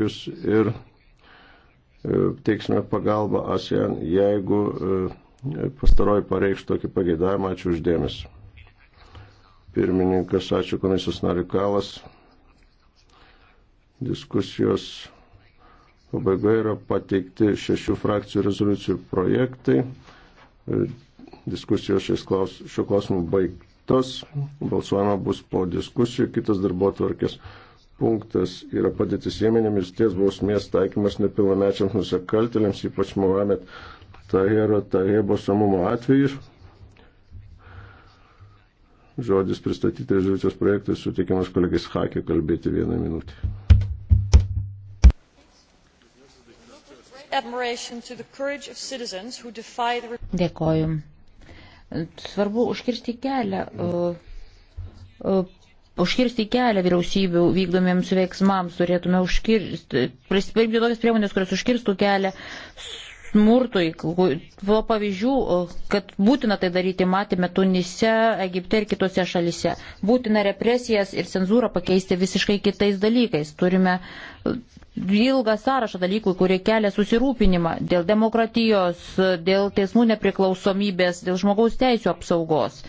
jūs ir e, teiksime pagalbą ASEAN, jeigu e, pastaroji pareikš tokį pageidavimą. Ačiū uždėmesi. Pirmininkas, ačiū komisijos nariu Kalas. Diskusijos pabaigoje yra pateikti šešių frakcijų rezoliucijų projektai. E, diskusijos šiuo klausimu baigtos. Balsuojama bus po diskusijų. Kitas darbo tvarkės punktas yra padėtis Jemenė mirties bausmės taikymas nepilnamečiams nusikaltėliams, ypač Mohamed Tahero Tahebo samumo atvejus. Žodis pristatyti rezoliucijos projektui sutikimas kolegais Hakė kalbėti vieną minutę. Dėkoju. Svarbu užkirsti kelią uh, uh, užkirsti kelią vyriausybių vykdomiems veiksmams, turėtume užkirsti, prispirkti tokias priemonės, kurios užkirstų kelią smurtui. Buvo pavyzdžių, kad būtina tai daryti, matėme Tunise, Egipte ir kitose šalise. Būtina represijas ir cenzūrą pakeisti visiškai kitais dalykais. Turime ilgą sąrašą dalykų, kurie kelia susirūpinimą dėl demokratijos, dėl teismų nepriklausomybės, dėl žmogaus teisų apsaugos.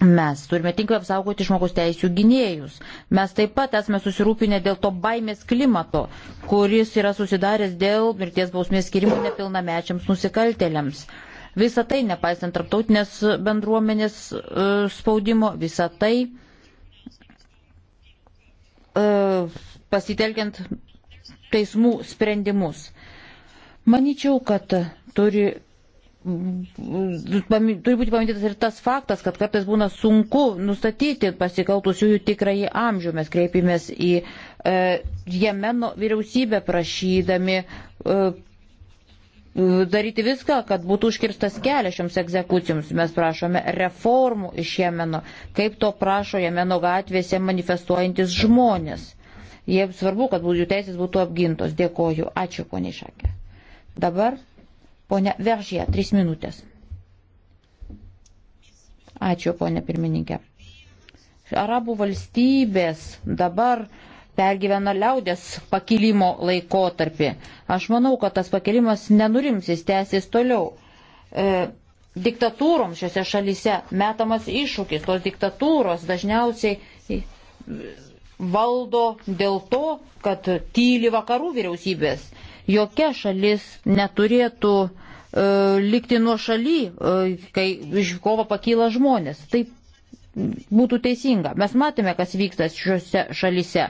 Mes turime tinkamai apsaugoti žmogus teisų gynėjus. Mes taip pat esame susirūpinę dėl to baimės klimato, kuris yra susidaręs dėl mirties bausmės skirimo nepilnamečiams nusikaltėliams. Visą tai, nepaisant tarptautinės bendruomenės e, spaudimo, visą tai e, pasitelkiant teismų sprendimus. Maničiau, kad turi turi būti paminėtas ir tas faktas, kad kartais būna sunku nustatyti pasikaltusiųjų tikrąjį amžių. Mes kreipėmės į e, Jemeno vyriausybę prašydami e, daryti viską, kad būtų užkirstas kelias šioms egzekucijoms. Mes prašome reformų iš Jemeno, kaip to prašo Jemeno gatvėse manifestuojantis žmonės. Jiems svarbu, kad jų teisės būtų apgintos. Dėkoju. Ačiū, poniai Šakė. Dabar Pone Veržė, trys minutės. Ačiū, ponė pirmininkė. Arabų valstybės dabar pergyvena liaudės pakilimo laikotarpį. Aš manau, kad tas pakilimas nenurims, jis tęsis toliau. E, diktatūroms šiuose šalyse metamas iššūkis, tos diktatūros dažniausiai valdo dėl to, kad tyli vakarų vyriausybės. Jokia šalis neturėtų e, likti nuo šaly, e, kai iš kovo pakyla žmonės. Tai būtų teisinga. Mes matėme, kas vyksta šiuose šalise.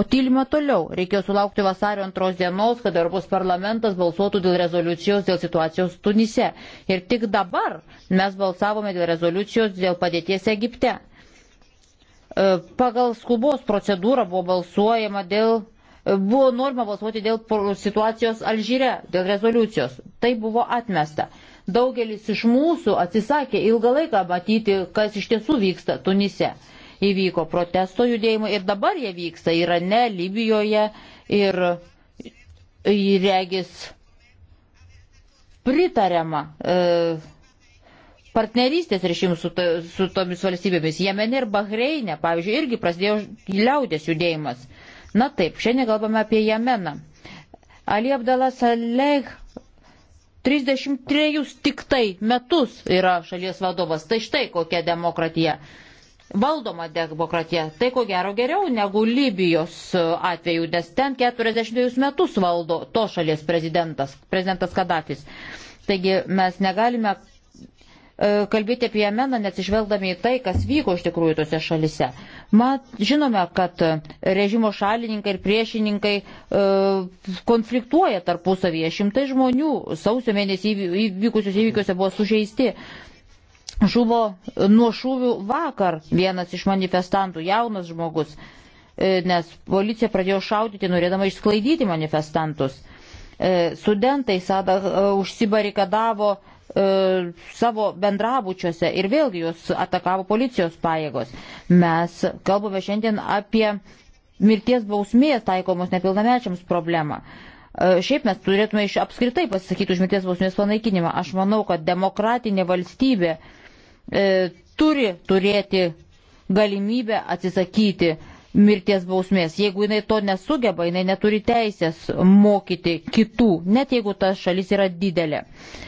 O tylime toliau. Reikėjo sulaukti vasario antros dienos, kad Europos parlamentas balsuotų dėl rezoliucijos dėl situacijos Tunise. Ir tik dabar mes balsavome dėl rezoliucijos dėl padėties Egipte. E, pagal skubos procedūrą buvo balsuojama dėl Buvo norma balsuoti dėl situacijos Alžyre, dėl rezoliucijos. Tai buvo atmesta. Daugelis iš mūsų atsisakė ilgą laiką matyti, kas iš tiesų vyksta Tunise. Įvyko protesto judėjimai ir dabar jie vyksta Irane, Libijoje ir įregis pritariama. E, partnerystės režimų su, to, su tomis valstybėmis. Jemene ir Bahreinė, pavyzdžiui, irgi prasidėjo liaudės judėjimas. Na taip, šiandien kalbame apie Jemeną. Ali Abdalas Aleh 33 tik tai metus yra šalies vadovas. Tai štai kokia demokratija. Valdoma demokratija. Tai ko gero geriau negu Libijos atveju, nes ten 42 metus valdo to šalies prezidentas, prezidentas Kadafis. Taigi mes negalime E, kalbėti apie Jemeną, nesižvelgdami į tai, kas vyko iš tikrųjų tose šalise. Mat, žinome, kad režimo šalininkai ir priešininkai e, konfliktuoja tarpusavyje. Šimtai žmonių sausio mėnesį įvykusios įvykiuose buvo sužeisti. Žuvo nuo šūvių vakar vienas iš manifestantų, jaunas žmogus, e, nes policija pradėjo šaudyti, norėdama išsklaidyti manifestantus. E, studentai sada e, užsibarikadavo E, savo bendrabučiuose ir vėlgi juos atakavo policijos pajėgos. Mes kalbame šiandien apie mirties bausmės taikomos nepilnamečiams problemą. E, šiaip mes turėtume iš apskritai pasisakyti už mirties bausmės panaikinimą. Aš manau, kad demokratinė valstybė e, turi turėti galimybę atsisakyti mirties bausmės. Jeigu jinai to nesugeba, jinai neturi teisės mokyti kitų, net jeigu ta šalis yra didelė. E,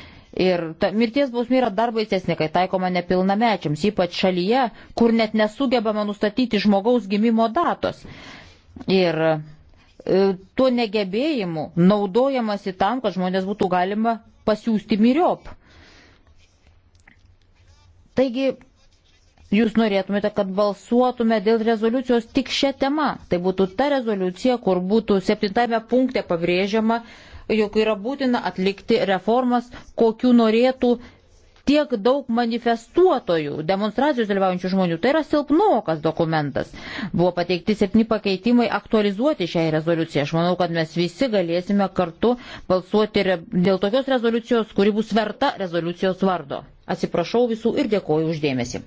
Ir ta mirties bausmė yra dar baisesnė, kai taikoma nepilnamečiams, ypač šalyje, kur net nesugebama nustatyti žmogaus gimimo datos. Ir e, tuo negebėjimu naudojamasi tam, kad žmonės būtų galima pasiūsti myriop. Taigi, jūs norėtumėte, kad balsuotume dėl rezoliucijos tik šią temą. Tai būtų ta rezoliucija, kur būtų septintame punkte pabrėžiama, jog yra būtina atlikti reformas, kokiu norėtų tiek daug manifestuotojų, demonstracijos dalyvaujančių žmonių. Tai yra silpnokas dokumentas. Buvo pateikti septyni pakeitimai aktualizuoti šiai rezoliucijai. Aš manau, kad mes visi galėsime kartu balsuoti dėl tokios rezoliucijos, kuri bus verta rezoliucijos vardo. Atsiprašau visų ir dėkoju uždėmesi.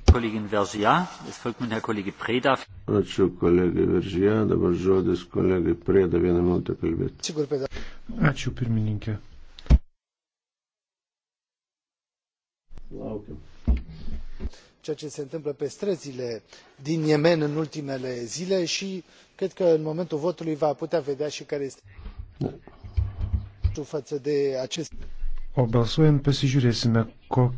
Ačiū kolegai Veržyje, dabar žodis kolegai Prėda vieną minutę kalbėti. Ačiū pirmininkė. Laukiam. Ceea ce se întâmplă pe străzile din Yemen în ultimele zile și cred că în momentul votului va putea vedea și care este față de acest. O balsuojant pasižiūrėsime, kokia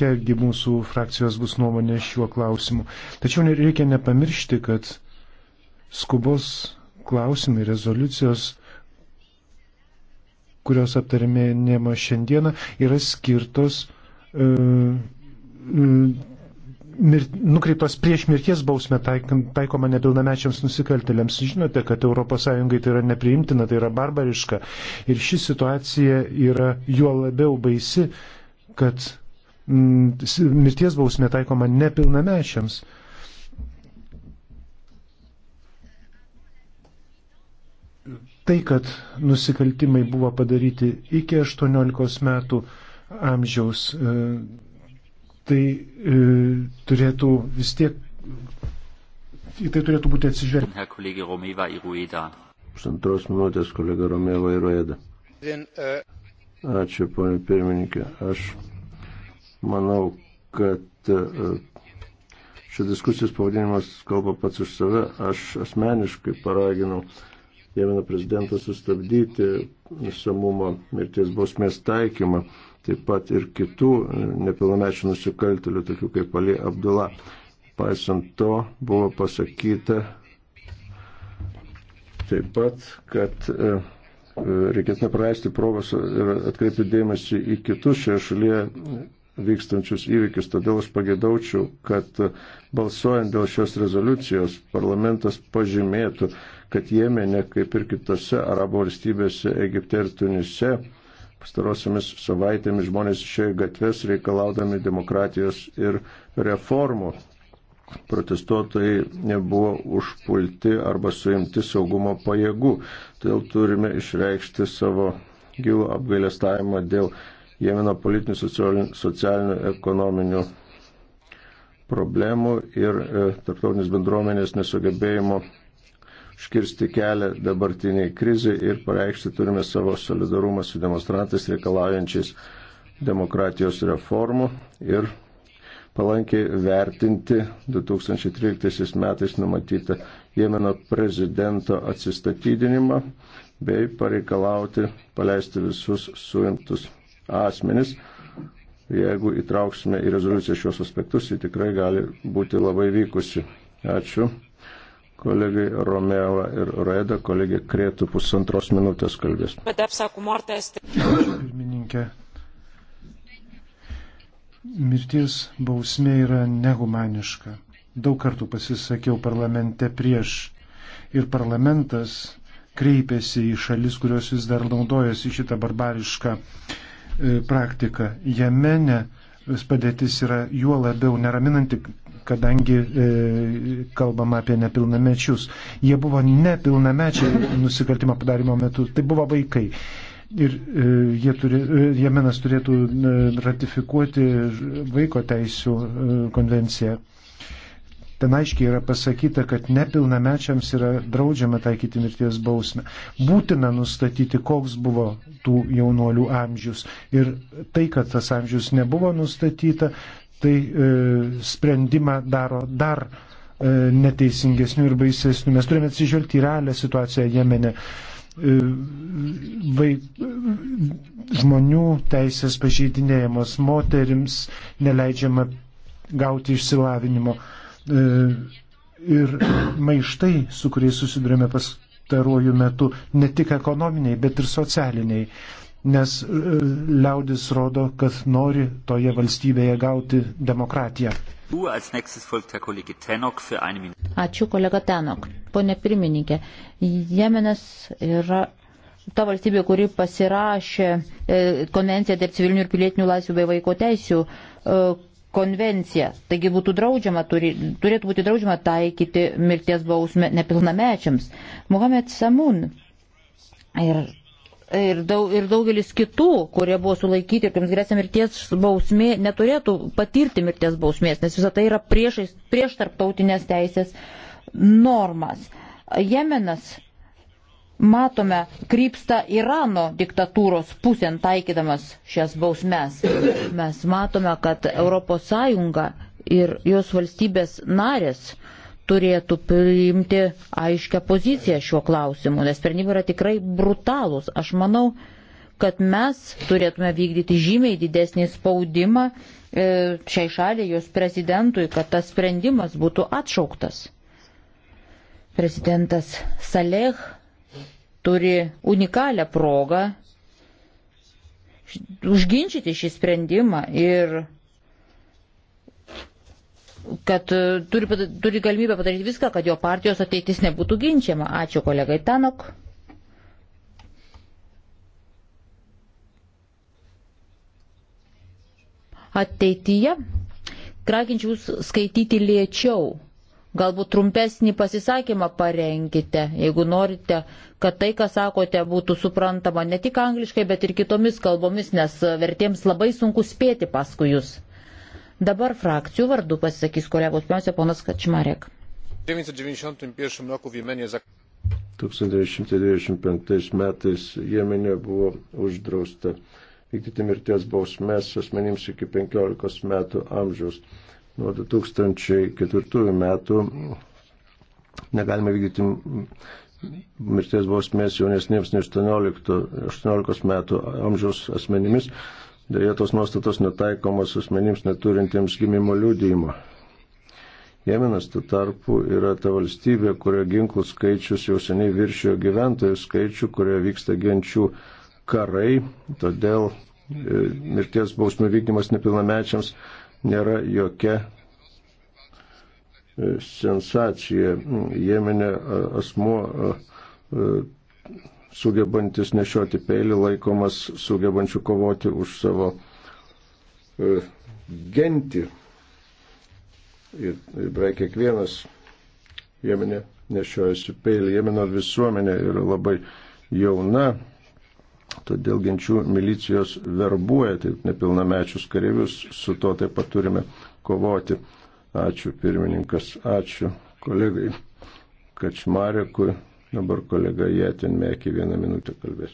kelgi mūsų frakcijos bus nuomonė šiuo klausimu. Tačiau reikia nepamiršti, kad skubos klausimai, rezoliucijos, kurios aptarinėjama šiandieną, yra skirtos e, e, mir, nukreiptos prieš mirties bausmę taikoma nepilnamečiams nusikaltėliams. Žinote, kad ES tai yra nepriimtina, tai yra barbariška. Ir ši situacija yra juo labiau baisi, kad Mm, mirties bausmė taikoma nepilnamečiams. Tai, kad nusikaltimai buvo padaryti iki 18 metų amžiaus, e, tai e, turėtų vis tiek, į tai turėtų būti atsižvelgta. Pusantros minutės kolega Romeva ir Rueda. E, Ačiū, ponė pirmininkė. Aš Manau, kad e, šios diskusijos pavadinimas kalba pats už save. Aš asmeniškai paraginau Jemeno prezidentą sustabdyti samumo mirties bausmės taikymą, taip pat ir kitų e, nepilnamečių nusikaltelių, tokių kaip Ali Abdullah. Paisant to, buvo pasakyta taip pat, kad e, reikėtų nepraleisti progos ir atkreipti dėmesį į kitus šioje šalyje vykstančius įvykius. Todėl aš pagėdaučiau, kad e, balsuojant dėl šios rezoliucijos parlamentas pažymėtų, kad Jemenė, kaip ir kitose arabo valstybėse, Egipte ir Tunise, pastarosiamis savaitėmis žmonės išėjo gatves reikalaudami demokratijos ir reformų. Protestuotojai nebuvo užpulti arba suimti saugumo pajėgų. Todėl turime išreikšti savo gilų apgailestavimą dėl Jemeno politinių, socialinių, ekonominių problemų ir e, tarptautinės bendruomenės nesugebėjimo škirsti kelią dabartiniai krizai ir pareikšti turime savo solidarumą su demonstrantais reikalaujančiais demokratijos reformų ir palankiai vertinti 2013 metais numatytą Jemeno prezidento atsistatydinimą bei pareikalauti paleisti visus suimtus asmenis. Jeigu įtrauksime į rezoliuciją šios aspektus, ji tikrai gali būti labai vykusi. Ačiū kolegai Romeo ir Reda, kolegė Krėtų pusantros minutės kalbės. Ačiū pirmininkė. Mirties bausmė yra nehumaniška. Daug kartų pasisakiau parlamente prieš. Ir parlamentas kreipėsi į šalis, kurios vis dar naudojasi šitą barbarišką E, praktika. Jemene padėtis yra juo labiau neraminanti, kadangi e, kalbama apie nepilnamečius. Jie buvo nepilnamečiai nusikaltimo padarimo metu, tai buvo vaikai. Ir e, jie turi, e, Jemenas turėtų e, ratifikuoti vaiko teisų e, konvenciją. Ten aiškiai yra pasakyta, kad nepilnamečiams yra draudžiama taikyti mirties bausmę. Būtina nustatyti, koks buvo tų jaunolių amžius. Ir tai, kad tas amžius nebuvo nustatyta, tai e, sprendimą daro dar e, neteisingesnių ir baisesnių. Mes turime atsižvelgti į realią situaciją Jemene. E, vaik, žmonių teisės pažeidinėjamos, moterims neleidžiama gauti išsilavinimo. E, E, ir maištai, su kuriais susidurėme pastaruoju metu, ne tik ekonominiai, bet ir socialiniai. Nes e, liaudis rodo, kad nori toje valstybėje gauti demokratiją. Ačiū kolega Tenok. Pone pirmininkė, Jemenas yra ta valstybė, kuri pasirašė e, konvenciją tarp civilinių ir pilietinių laisvių bei vaiko teisių, konvenciją. Taigi būtų draudžiama, turi, turėtų būti draudžiama taikyti mirties bausmę nepilnamečiams. Mohamed Samun ir, ir, daug, ir daugelis kitų, kurie buvo sulaikyti ir kuriems grėsia mirties bausmė, neturėtų patirti mirties bausmės, nes visą tai yra priešais, prieš tarptautinės teisės normas. Jemenas matome, krypsta Irano diktatūros pusėn taikydamas šias bausmes. Mes matome, kad ES ir jos valstybės narės turėtų priimti aiškę poziciją šiuo klausimu, nes sprendimai yra tikrai brutalūs. Aš manau, kad mes turėtume vykdyti žymiai didesnį spaudimą e, šiai šaliai, jos prezidentui, kad tas sprendimas būtų atšauktas. Prezidentas Saleh turi unikalią progą užginčyti šį sprendimą ir kad turi, turi galimybę padaryti viską, kad jo partijos ateitis nebūtų ginčiama. Ačiū kolegai Tanok. Ateityje raginčiau skaityti lėčiau Galbūt trumpesnį pasisakymą parenkite, jeigu norite, kad tai, ką sakote, būtų suprantama ne tik angliškai, bet ir kitomis kalbomis, nes vertėms labai sunku spėti paskui jūs. Dabar frakcijų vardu pasisakys kolegos, pirmiausia, ponas Kačmarek. 1991 roku w Jemenie 1995 metais Jemenė buvo uždrausta vykdyti mirties bausmės asmenims iki 15 metų amžiaus nuo 2004 metų negalime vykdyti mirties bausmės jaunesniems nei 18, 18 metų amžiaus asmenimis. Dėja, tos nuostatos netaikomos asmenims neturintiems gimimo liūdėjimo. Jemenas tuo tarpu yra ta valstybė, kurioje ginklų skaičius jau seniai viršijo gyventojų skaičių, kurioje vyksta genčių karai, todėl e, mirties bausmių vykdymas nepilnamečiams nėra jokia e, sensacija. Jemenė e, asmuo e, sugebantis nešioti peilį laikomas sugebančių kovoti už savo gentį. Ir beveik kiekvienas Jemenė nešiojasi peilį. Jemeno visuomenė yra labai jauna, todėl genčių milicijos verbuoja taip nepilnamečius kareivius, su to taip pat turime kovoti. Ačiū pirmininkas, ačiū kolegai Kačmarekui, dabar kolega Jėtinmekį vieną minutę kalbės.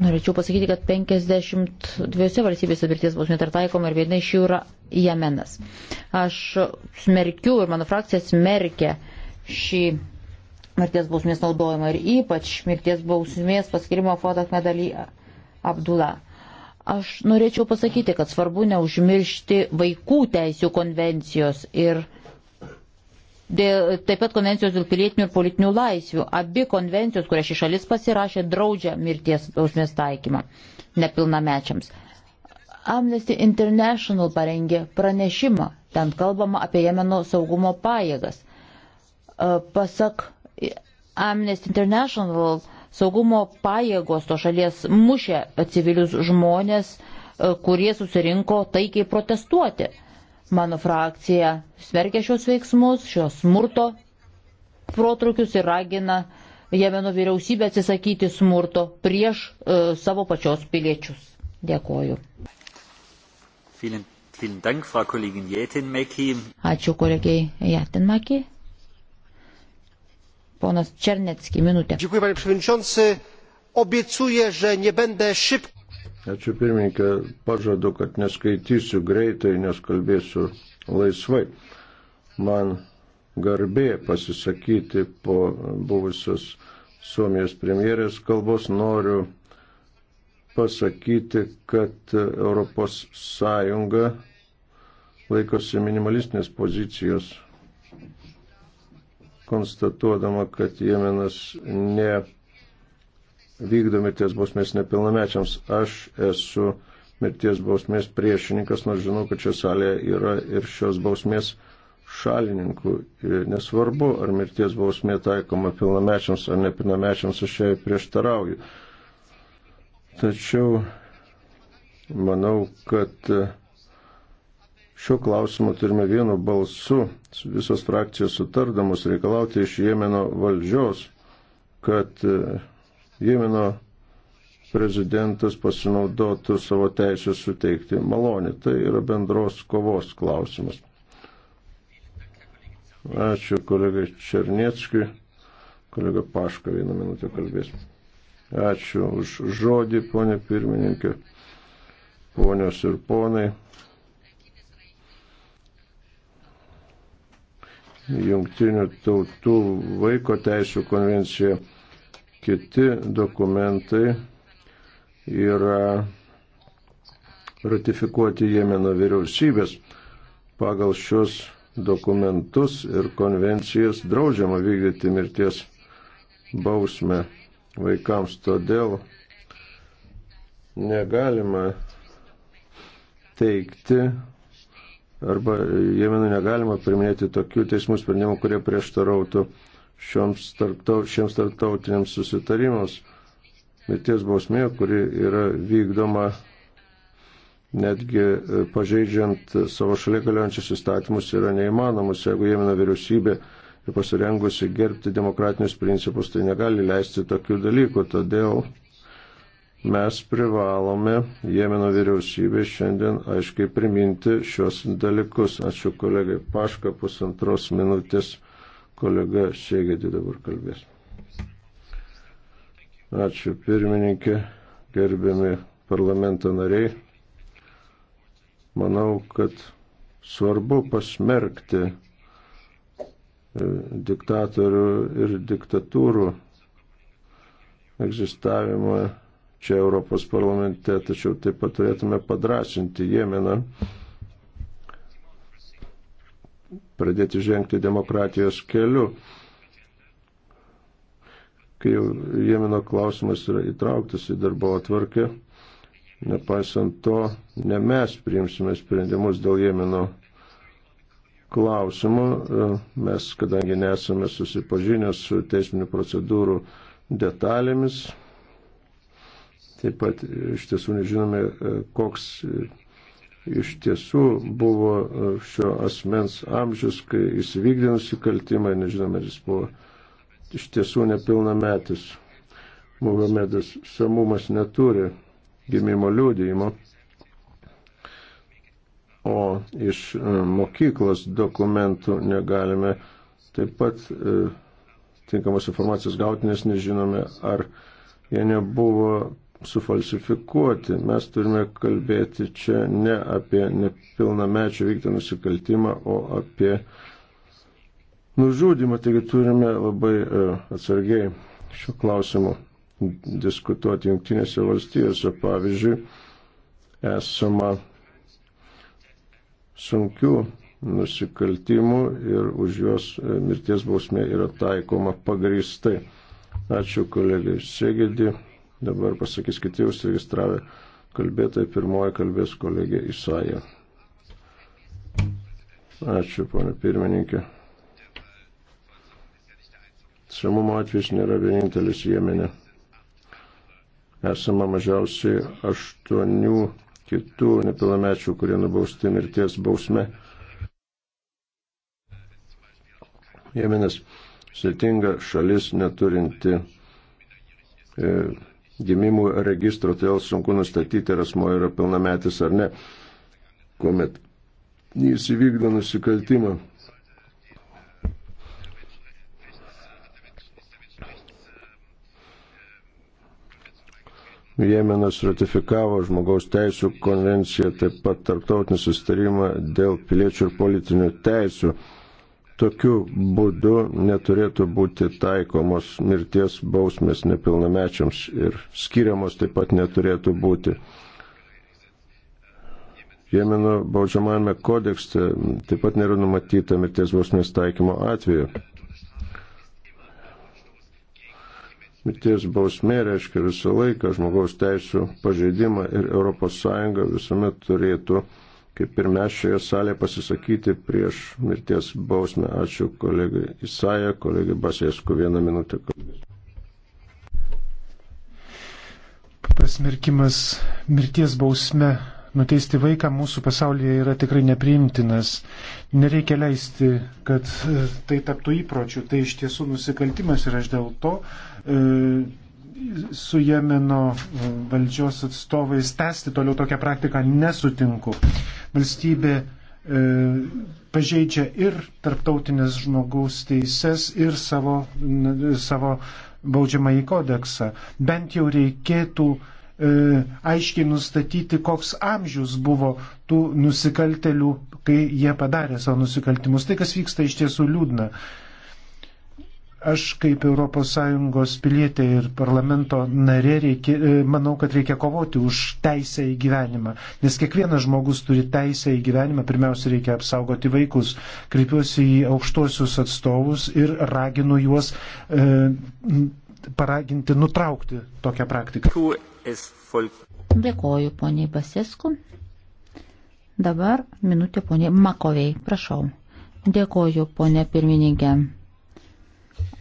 Norėčiau pasakyti, kad 52 valstybėse mirties bausmė dar taikoma ir viena iš jų yra Jemenas. Aš smerkiu ir mano frakcija smerkia uh, šį mirties bausmės naudojimą ir ypač mirties bausmės paskirimo fotok medalį Abdulą. Aš norėčiau pasakyti, kad svarbu neužmiršti vaikų teisų konvencijos ir dėl, taip pat konvencijos dėl pilietinių ir politinių laisvių. Abi konvencijos, kurias ši šalis pasirašė, draudžia mirties bausmės taikymą nepilnamečiams. Amnesty International parengė pranešimą, ten kalbama apie Jemeno saugumo pajėgas. Pasak Amnesty International saugumo pajėgos to šalies mušė civilius žmonės, e, kurie susirinko taikiai protestuoti. Mano frakcija smerkia šios veiksmus, šios smurto protrukius ir ragina Jemeno vyriausybę atsisakyti smurto prieš uh, savo pačios piliečius. Dėkoju. Vielen, vielen Dank, Ačiū kolegiai Jatinmaki. Ponas Černetski, minutė. Dėkui, panie pirmininčiansi. Obiecuję, że nie będę szybko. Ačiū pirmininkė, pažadu, kad neskaitysiu greitai, nes kalbėsiu laisvai. Man garbė pasisakyti po buvusios Suomijos premjerės kalbos noriu pasakyti, kad Europos Sąjunga laikosi minimalistinės pozicijos konstatuodama, kad Jemenas ne vykdo mirties bausmės nepilnamečiams. Aš esu mirties bausmės priešininkas, nors žinau, kad čia salėje yra ir šios bausmės šalininkų. Nesvarbu, ar mirties bausmė taikoma pilnamečiams ar nepilnamečiams, aš jai prieštarauju. Tačiau manau, kad Šiuo klausimu turime vienu balsu visos frakcijos sutardamos reikalauti iš Jemeno valdžios, kad e, Jemeno prezidentas pasinaudotų savo teisę suteikti malonį. Tai yra bendros kovos klausimas. Ačiū kolegai Černieckui. Kolega Paška vieną minutę kalbės. Ačiū už žodį, ponė pirmininkė, ponios ir ponai. jungtinių tautų vaiko teisų konvencija, kiti dokumentai yra ratifikuoti Jemeno vyriausybės. Pagal šios dokumentus ir konvencijas draudžiama vykdyti mirties bausmę vaikams. Todėl negalima teikti, arba Jemenui negalima priminėti tokių teismų sprendimų, kurie prieštarautų šiems tarptautiniams susitarimams. Mirties bausmė, kuri yra vykdoma netgi e, pažeidžiant savo šalia galiojančius įstatymus, yra neįmanomas. Jeigu Jemeno vyriausybė ir pasirengusi gerbti demokratinius principus, tai negali leisti tokių dalykų. Todėl mes privalome Jemeno vyriausybė šiandien aiškiai priminti šios dalykus. Ačiū kolegai Paška, pusantros minutės kolega Šėgėdi dabar kalbės. Ačiū pirmininkė, gerbiami parlamento nariai. Manau, kad svarbu pasmerkti e, diktatorių ir diktatūrų egzistavimą čia Europos parlamente, tačiau taip pat turėtume padrasinti Jemeną, pradėti žengti demokratijos keliu. Kai Jemeno klausimas yra įtrauktas į darbo atvarkę, nepaisant to, ne mes priimsime sprendimus dėl Jemeno klausimų, mes, kadangi nesame susipažinę su teisminių procedūrų detalėmis, Taip pat e, iš tiesų nežinome, e, koks e, iš tiesų buvo šio asmens amžius, kai jis vykdė nusikaltimą, nežinome, jis buvo iš tiesų nepilnametis. Muhamedas Samumas neturi gimimo liūdėjimo, o iš mokyklos dokumentų negalime taip pat tinkamos informacijos gauti, nes nežinome, ar jie nebuvo sufalsifikuoti. Mes turime kalbėti čia ne apie nepilnamečio vykdytą nusikaltimą, o apie nužudimą. Taigi turime labai e, atsargiai šiuo klausimu diskutuoti Junktinėse valstijose. Pavyzdžiui, esama sunkių nusikaltimų ir už juos e, mirties bausmė yra taikoma pagristai. Ačiū kolegai Segedi. Dabar pasakys kiti užsiregistravę kalbėtojai. Pirmoji kalbės kolegė Isaija. Ačiū, ponė pirmininkė. Samumo atvejs nėra vienintelis Jemenė. Esama mažiausiai aštuonių kitų nepilnamečių, kurie nubausti mirties bausme. Jemenas sėtinga šalis neturinti e, gimimų registro, todėl sunku nustatyti, ar asmo yra pilnametis ar ne, kuomet jis įvykdo nusikaltimą. Jemenas ratifikavo žmogaus teisų konvenciją, taip pat tarptautinį sustarimą dėl piliečių ir politinių teisų. Tokiu būdu neturėtų būti taikomos mirties bausmės nepilnamečiams ir skiriamos taip pat neturėtų būti. Jemeno baudžiamajame kodekste taip pat nėra numatyta mirties bausmės taikymo atveju. Mirties bausmė reiškia visą laiką žmogaus teisų pažeidimą ir ES visuomet turėtų kaip ir mes šioje salėje pasisakyti prieš mirties bausmę. Ačiū kolegai Isaija, kolegai Basėsku vieną minutę. Pasmerkimas mirties bausme nuteisti vaiką mūsų pasaulyje yra tikrai nepriimtinas. Nereikia leisti, kad e, tai taptų įpročių. Tai iš tiesų nusikaltimas ir aš dėl to e, su Jemeno e, valdžios atstovais tęsti toliau tokią praktiką nesutinku. E, valstybė e, pažeidžia ir tarptautinės žmogaus teises, ir savo, n, savo baudžiamąjį kodeksą. Bent jau reikėtų e, aiškiai nustatyti, koks amžius buvo tų nusikaltelių, kai jie padarė savo nusikaltimus. Tai, kas vyksta, iš tiesų liūdna. Aš kaip ES pilietė ir parlamento narė reikia, e, manau, kad reikia kovoti už teisę į gyvenimą, nes kiekvienas žmogus turi teisę į gyvenimą, pirmiausia reikia apsaugoti vaikus. Kreipiuosi į aukštuosius atstovus ir raginu juos e, paraginti nutraukti tokią praktiką. Dėkoju poniai Basesku. Dabar minutė poniai Makoviai, prašau. Dėkoju ponė pirmininkė.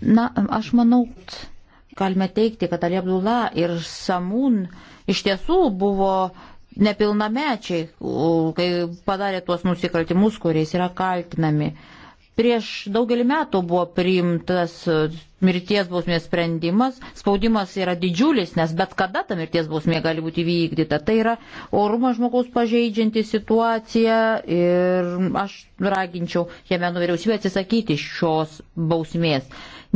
Na, aš manau, galime teikti, kad Ali Abdullah ir Samūn iš tiesų buvo nepilnamečiai, kai padarė tuos nusikaltimus, kuriais yra kaltinami. Uh, Prieš daugelį metų buvo priimtas e, mirties bausmės sprendimas, spaudimas yra didžiulis, nes bet kada ta mirties bausmė gali būti vykdyta. Tai yra orumą žmogaus pažeidžianti situacija ir aš raginčiau Jemeno vyriausybę atsisakyti šios bausmės.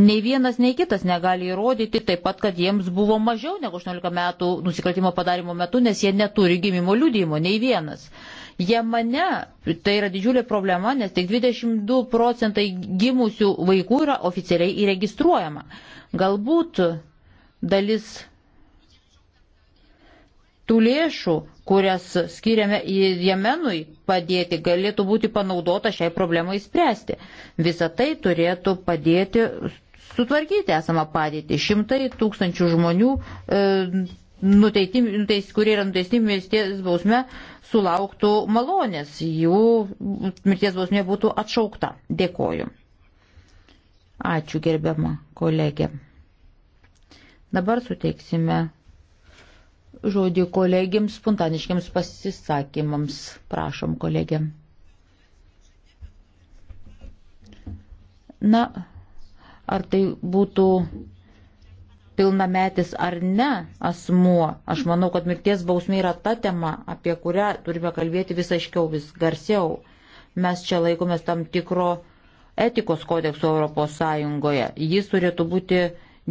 Nei vienas, nei kitas negali įrodyti taip pat, kad jiems buvo mažiau negu 18 metų nusikaltimo padarimo metu, nes jie neturi gimimo liudymo, nei vienas. Jemane tai yra didžiulė problema, nes tik 22 procentai gimusių vaikų yra oficialiai įregistruojama. Galbūt dalis tų lėšų, kurias skiriame Jemenui padėti, galėtų būti panaudota šiai problemai spręsti. Visą tai turėtų padėti sutvarkyti esamą padėtį. Šimtai tūkstančių žmonių e, nuteisti, kurie yra nuteisti mirties bausme, sulauktų malonės, jų mirties bausmė būtų atšaukta. Dėkoju. Ačiū gerbiama kolegė. Dabar suteiksime žodį kolegiams spontaniškiams pasisakymams. Prašom, kolegė. Na, ar tai būtų pilnametis ar ne asmuo. Aš manau, kad mirties bausmė yra ta tema, apie kurią turime kalbėti vis aiškiau, vis garsiau. Mes čia laikomės tam tikro etikos kodekso Europos Sąjungoje. Jis turėtų būti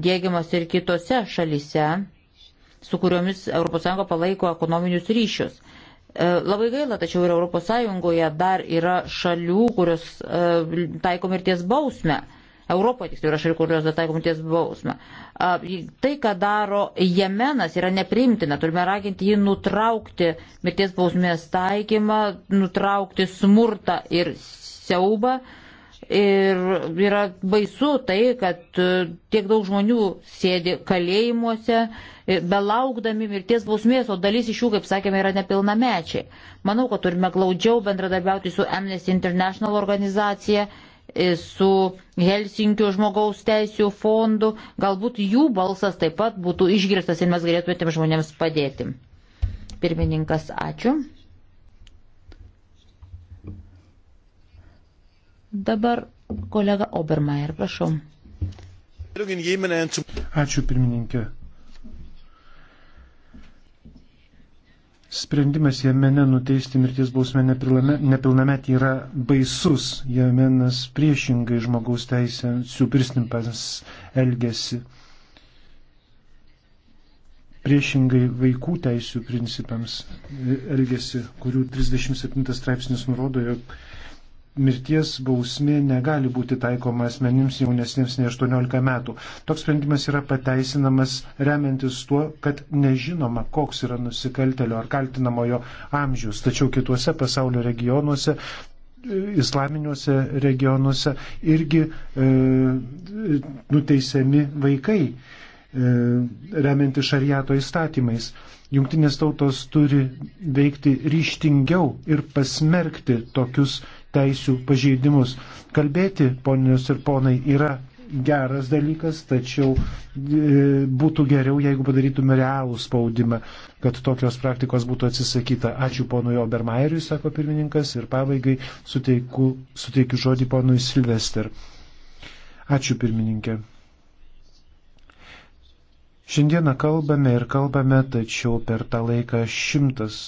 dėgiamas ir kitose šalise, su kuriomis ES palaiko ekonominius ryšius. E, labai gaila, tačiau ir ES dar yra šalių, kurios e, taiko mirties bausmę. Europoje tiksliau yra šalių, kurios dataikom ties bausmę. Tai, ką daro Jemenas, yra nepriimtina. Turime raginti jį nutraukti mirties bausmės taikymą, nutraukti smurtą ir siaubą. Ir yra baisu tai, kad e, tiek daug žmonių sėdi kalėjimuose, e, belaukdami mirties bausmės, o dalis iš jų, kaip sakėme, yra nepilnamečiai. Manau, kad turime glaudžiau bendradarbiauti su Amnesty International organizacija su Helsinkio žmogaus teisų fondu, galbūt jų balsas taip pat būtų išgirstas ir mes galėtume tiem žmonėms padėti. Pirmininkas, ačiū. Dabar kolega Obermeier, prašau. Ačiū pirmininkė. Sprendimas Jemene nuteisti mirties bausmę nepilnametį yra baisus. Jemenas priešingai žmogaus teisė supirstimpans elgesi. Priešingai vaikų teisų principams elgesi, kurių 37 straipsnis nurodo, jog mirties bausmė negali būti taikoma asmenims jaunesniems nei 18 metų. Toks sprendimas yra pateisinamas remiantis tuo, kad nežinoma, koks yra nusikaltelio ar kaltinamojo amžius. Tačiau kituose pasaulio regionuose islaminiuose regionuose irgi e, nuteisiami vaikai e, remianti šariato įstatymais. Jungtinės tautos turi veikti ryštingiau ir pasmerkti tokius teisių pažeidimus. Kalbėti, ponios ir ponai, yra geras dalykas, tačiau e, būtų geriau, jeigu padarytume realų spaudimą, kad tokios praktikos būtų atsisakyta. Ačiū ponui Obermairiui, sako pirmininkas, ir pabaigai suteiku, suteikiu žodį ponui Silvester. Ačiū pirmininkė. Šiandieną kalbame ir kalbame, tačiau per tą laiką šimtas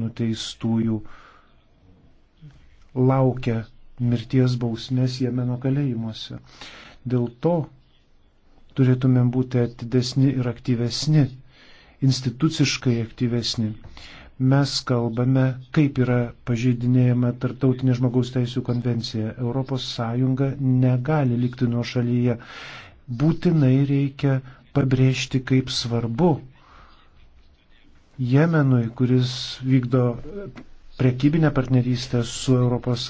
nuteistųjų laukia mirties bausmės Jemeno kalėjimuose. Dėl to turėtumėm būti atidesni ir aktyvesni, instituciškai aktyvesni. Mes kalbame, kaip yra pažeidinėjama Tartautinė žmogaus teisų konvencija. ES negali likti nuo šalyje. Būtinai reikia pabrėžti, kaip svarbu Jemenui, kuris vykdo prekybinę partnerystę su ES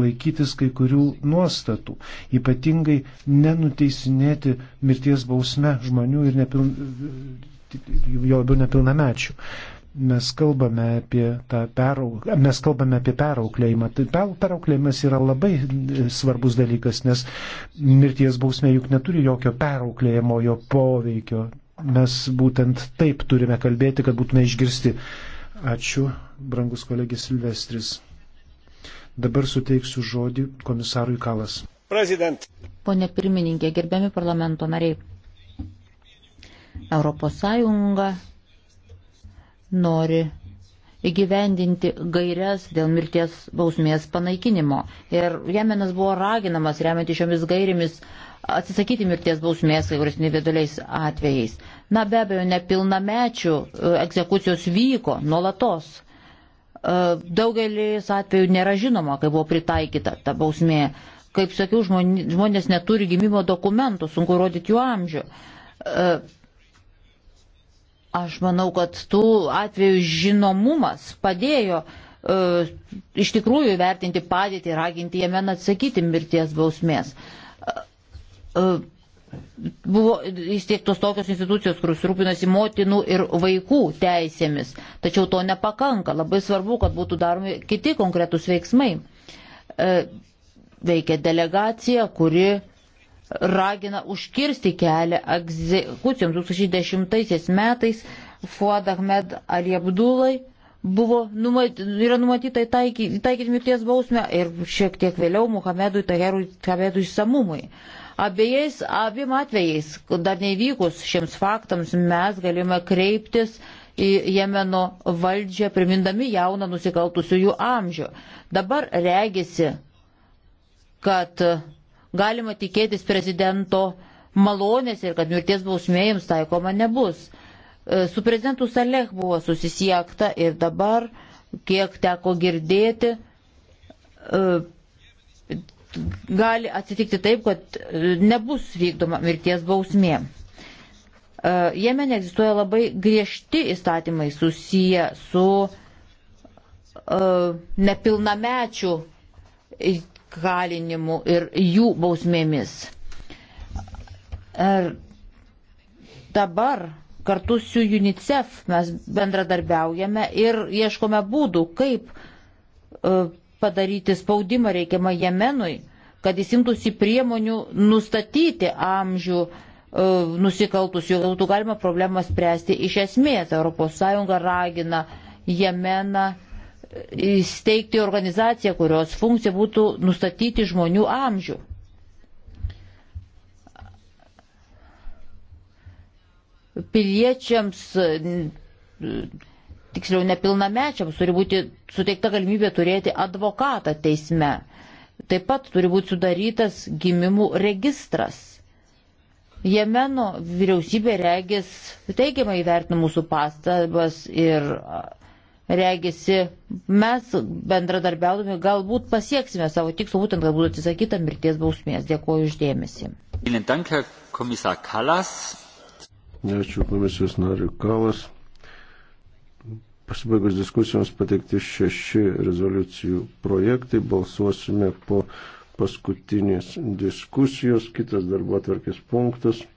laikytis kai kurių nuostatų, ypatingai nenuteisinėti mirties bausme žmonių ir nepiln... jo labiau nepilnamečių. Mes kalbame apie, perauk... Mes kalbame apie perauklėjimą. Tai perauklėjimas yra labai e, svarbus dalykas, nes mirties bausmė juk neturi jokio perauklėjimo, jo poveikio. Mes būtent taip turime kalbėti, kad būtume išgirsti Ačiū, brangus kolegė Silvestris. Dabar suteiksiu žodį komisarui Kalas. President. Pone pirmininkė, gerbiami parlamento nariai. Europos Sąjunga nori įgyvendinti gairias dėl mirties bausmės panaikinimo. Ir Jemenas buvo raginamas, remiantis šiomis gairėmis, uh, atsisakyti mirties bausmės kai kuriais individualiais atvejais. Na be abejo, nepilnamečių e, egzekucijos vyko nuolatos. E, daugelis atvejų nėra žinoma, kai buvo pritaikyta ta bausmė. Kaip sakiau, žmonės neturi gimimo dokumentų, sunku rodyti jų amžių. E, aš manau, kad tų atvejų žinomumas padėjo iš tikrųjų vertinti padėtį, raginti jame atsakyti mirties bausmės. E, buvo įsteigtos tokios institucijos, kurios rūpinasi motinų ir vaikų teisėmis. Tačiau to nepakanka. Labai svarbu, kad būtų daromi kiti konkretūs veiksmai. E, veikia delegacija, kuri ragina užkirsti kelią egzekucijoms. 2010 metais Fuad Ahmed Ali Abdulai buvo numat, yra numatyta įtaikyti mirties bausmę ir šiek tiek vėliau Muhamedui Taherui Kabedui Samumui. Uh, Abiejais, abiem atvejais, dar nevykus šiems faktams, mes galime kreiptis į Jemeno valdžią, primindami jauną nusikaltusiųjų amžių. Dabar regisi, kad galima tikėtis prezidento malonės ir kad mirties bausmėjams taikoma nebus. E, su prezidentu Saleh buvo susisiekta ir dabar, kiek teko girdėti, e, gali atsitikti taip, kad e, nebus vykdoma mirties bausmė. E, Jemene egzistuoja labai griežti įstatymai susiję su e, nepilnamečių kalinimu ir jų bausmėmis. Ir er, dabar kartu su UNICEF mes bendradarbiaujame ir ieškome būdų, kaip padaryti spaudimą reikiamą Jemenui, kad jis imtųsi priemonių nustatyti amžių e, nusikaltus, jog būtų galima problemą spręsti iš esmės. ES ragina Jemeną e, įsteigti organizaciją, kurios funkcija būtų nustatyti žmonių amžių. Piliečiams tiksliau nepilnamečiams turi būti suteikta galimybė turėti advokatą teisme. Taip pat turi būti sudarytas gimimų registras. Jemeno vyriausybė regis teigiamai įvertina mūsų pastabas ir regisi mes bendradarbiaudami galbūt pasieksime savo tikslą, būtent kad būtų atsisakyta mirties bausmės. Dėkuoju uždėmesi. Ačiū komisijos nariu Kalas. Pasibaigus diskusijoms pateikti šeši rezoliucijų projektai, balsuosime po paskutinės diskusijos, kitas darbo atvarkės punktas.